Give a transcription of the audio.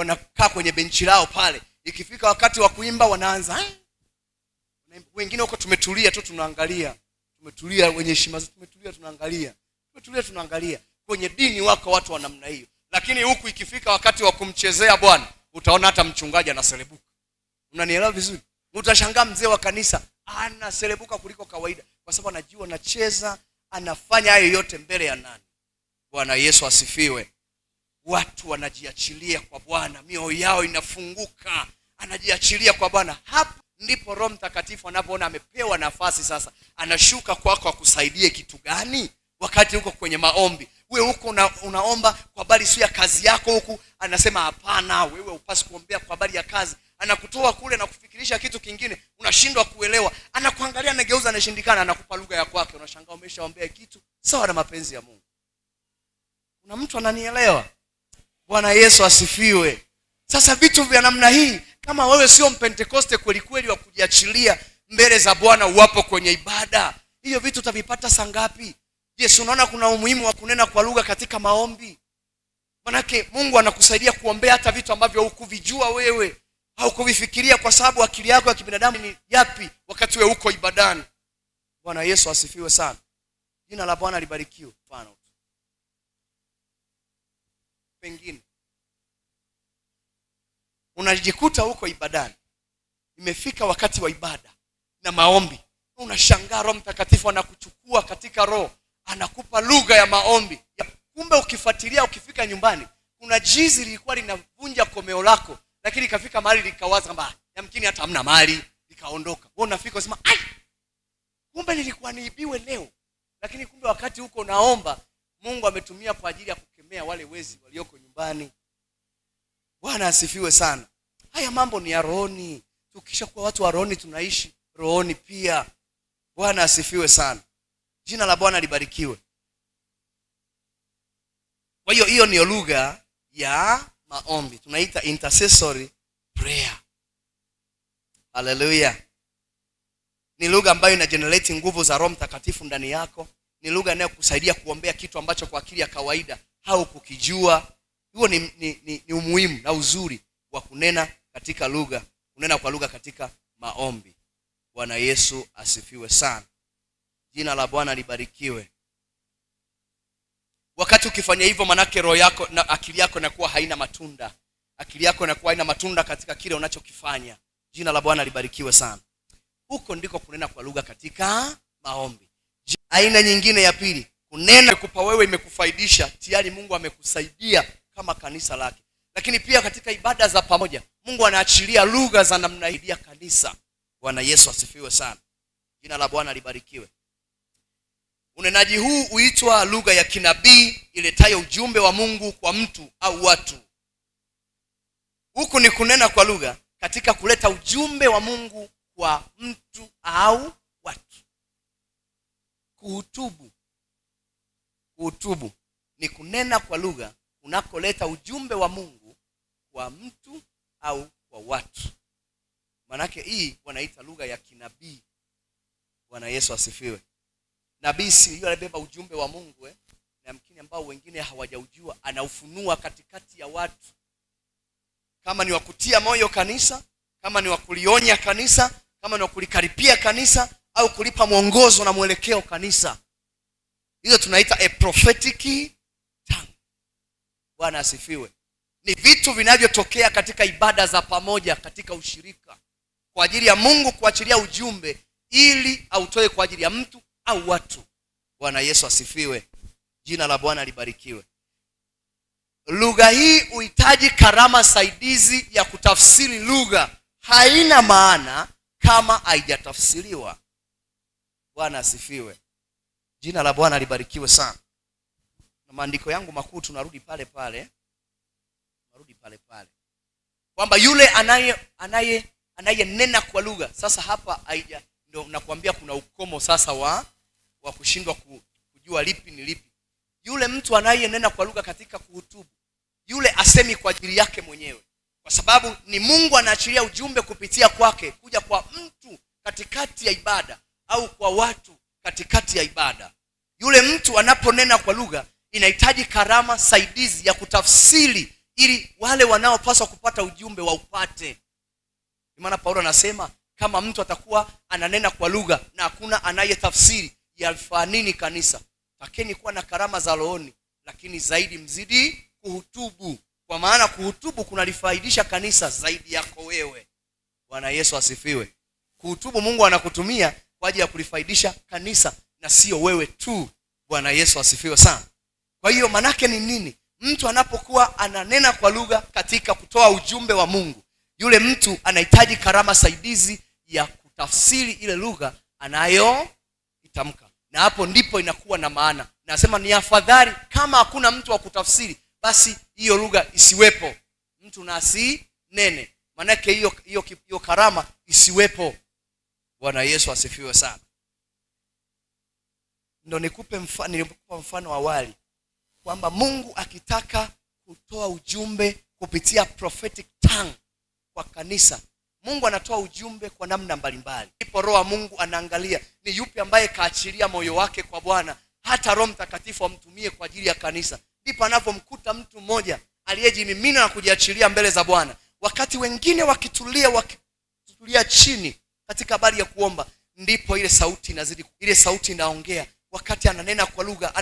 wanakaa kwenye benchi lao pale, ikifika wakati wa kuimba wanaanza wengine huko tumetulia tu tunaangalia, tumetulia wenye heshima zetu, tumetulia tunaangalia, tumetulia tunaangalia. Kwenye dini wako watu wa namna hiyo, lakini huku ikifika wakati wa kumchezea Bwana utaona hata mchungaji anaselebuka. Unanielewa vizuri? Utashangaa mzee wa kanisa anaselebuka kuliko kawaida, kwa sababu anajua anacheza, anafanya hayo yote mbele ya nani? Bwana Yesu asifiwe watu wanajiachilia kwa Bwana, mioyo yao inafunguka, anajiachilia kwa Bwana. Hapo ndipo Roho Mtakatifu anapoona amepewa nafasi sasa, anashuka kwako kwa akusaidie kitu gani? Wakati uko kwenye maombi, wewe huko una, unaomba kwa habari sio ya kazi yako, huku anasema hapana, wewe upasi kuombea kwa habari ya kazi. Anakutoa kule na kufikirisha kitu kingine, unashindwa kuelewa. Anakuangalia, anageuza, anashindikana, anakupa lugha ya kwake, unashangaa umeshaombea kitu sawa na mapenzi ya Mungu. Kuna mtu ananielewa? Bwana Yesu asifiwe. Sasa vitu vya namna hii, kama wewe sio mpentekoste kweli kweli wa kujiachilia mbele za Bwana, uwapo kwenye ibada hiyo, vitu utavipata saa ngapi? Je, yes, unaona kuna umuhimu wa kunena kwa lugha katika maombi? Manake Mungu anakusaidia kuombea hata vitu ambavyo hukuvijua wewe, au kuvifikiria kwa sababu akili yako ya kibinadamu ni yapi, wakati wewe uko ibadani. Bwana Yesu asifiwe sana. Jina la Bwana libarikiwe. Mfano pengine. Unajikuta huko ibadani, imefika wakati wa ibada na maombi, unashangaa Roho Mtakatifu anakuchukua katika roho, anakupa lugha ya maombi. Kumbe ukifuatilia, ukifika nyumbani, kuna jizi lilikuwa linavunja komeo lako, lakini ikafika mahali likawaza mbaya, yamkini hata hamna mali, likaondoka. Wewe unafika unasema ai, kumbe nilikuwa niibiwe leo, lakini kumbe wakati huko unaomba Mungu ametumia kwa ajili ya kuwasemea wale wezi walioko nyumbani. Bwana asifiwe sana. Haya mambo ni ya rohoni. Tukisha kuwa watu wa rohoni, tunaishi rohoni pia. Bwana asifiwe sana, jina la Bwana libarikiwe. Kwa hiyo hiyo niyo lugha ya maombi tunaita intercessory prayer. Haleluya! Ni lugha ambayo ina generate nguvu za Roho Mtakatifu ndani yako. Ni lugha inayokusaidia kuombea kitu ambacho kwa akili ya kawaida haukukijua. Huo ni, ni, ni, ni umuhimu na uzuri wa kunena katika lugha, kunena kwa lugha katika maombi. Bwana Yesu asifiwe sana, jina la Bwana libarikiwe. Wakati ukifanya hivyo, manake roho yako na akili yako inakuwa haina matunda, akili yako inakuwa haina matunda katika kile unachokifanya. Jina la Bwana libarikiwe sana. Huko ndiko kunena kwa lugha katika maombi. Aina nyingine ya pili kunena kupa wewe imekufaidisha tayari, Mungu amekusaidia kama kanisa lake. Lakini pia katika ibada za pamoja, Mungu anaachilia lugha za namna hii kanisa. Bwana Yesu asifiwe sana, jina la Bwana libarikiwe. Unenaji huu huitwa lugha ya kinabii iletayo ujumbe wa Mungu kwa mtu au watu. Huku ni kunena kwa lugha katika kuleta ujumbe wa Mungu kwa mtu au watu, kuhutubu Kuhutubu ni kunena kwa lugha unakoleta ujumbe wa Mungu kwa mtu au kwa watu. Manake hii wanaita lugha ya kinabii. Bwana Yesu asifiwe. Nabii si yule alibeba ujumbe wa Mungu eh? na ambao wengine hawajaujua anaufunua katikati ya watu, kama ni wakutia moyo kanisa, kama ni wakulionya kanisa, kama ni wakulikaribia kanisa, au kulipa mwongozo na mwelekeo kanisa. Hizo tunaita a prophetic tongue. Bwana asifiwe. Ni vitu vinavyotokea katika ibada za pamoja, katika ushirika, kwa ajili ya Mungu kuachilia ujumbe ili autoe kwa ajili ya mtu au watu. Bwana Yesu asifiwe, jina la Bwana libarikiwe. Lugha hii huhitaji karama saidizi ya kutafsiri lugha, haina maana kama haijatafsiriwa. Bwana asifiwe. Jina la Bwana libarikiwe sana. Na maandiko yangu makuu, tunarudi pale pale, tunarudi pale pale kwamba yule anaye anaye anayenena kwa lugha. Sasa hapa haija ndio nakwambia kuna ukomo sasa wa wa kushindwa kujua lipi ni lipi. Yule mtu anayenena kwa lugha katika kuhutubu, yule asemi kwa ajili yake mwenyewe, kwa sababu ni Mungu anaachilia ujumbe kupitia kwake kuja kwa mtu katikati ya ibada au kwa watu katikati ya ibada. Yule mtu anaponena kwa lugha inahitaji karama saidizi ya kutafsiri, ili wale wanaopaswa kupata ujumbe waupate. Maana Paulo anasema kama mtu atakuwa ananena kwa lugha na hakuna anayetafsiri, yalfanini kanisa. Takeni kuwa na karama za rohoni, lakini zaidi mzidi kuhutubu, kwa maana kuhutubu kunalifaidisha kanisa zaidi yako wewe. Bwana Yesu asifiwe. Kuhutubu Mungu anakutumia kwa ajili ya kulifaidisha kanisa na sio wewe tu. Bwana Yesu asifiwe sana. Kwa hiyo manake ni nini? Mtu anapokuwa ananena kwa lugha katika kutoa ujumbe wa Mungu, yule mtu anahitaji karama saidizi ya kutafsiri ile lugha anayoitamka, na hapo ndipo inakuwa na maana. Nasema ni afadhali kama hakuna mtu wa kutafsiri, basi hiyo lugha isiwepo, mtu na asinene, manake hiyo hiyo karama isiwepo. Bwana Yesu asifiwe sana. Ndo nikupe mfano, nilikupa mfano awali kwamba Mungu akitaka kutoa ujumbe kupitia prophetic tongue kwa kanisa, Mungu anatoa ujumbe kwa namna mbalimbali. Ipo roho Mungu anaangalia ni yupi ambaye kaachilia moyo wake kwa Bwana, hata Roho Mtakatifu amtumie kwa ajili ya kanisa. Ndipo anapomkuta mtu mmoja aliyejimimina na kujiachilia mbele za Bwana, wakati wengine wakitulia, wakitulia chini katika habari ya kuomba, ndipo ile sauti inazidi, ile sauti inaongea wakati ananena kwa lugha.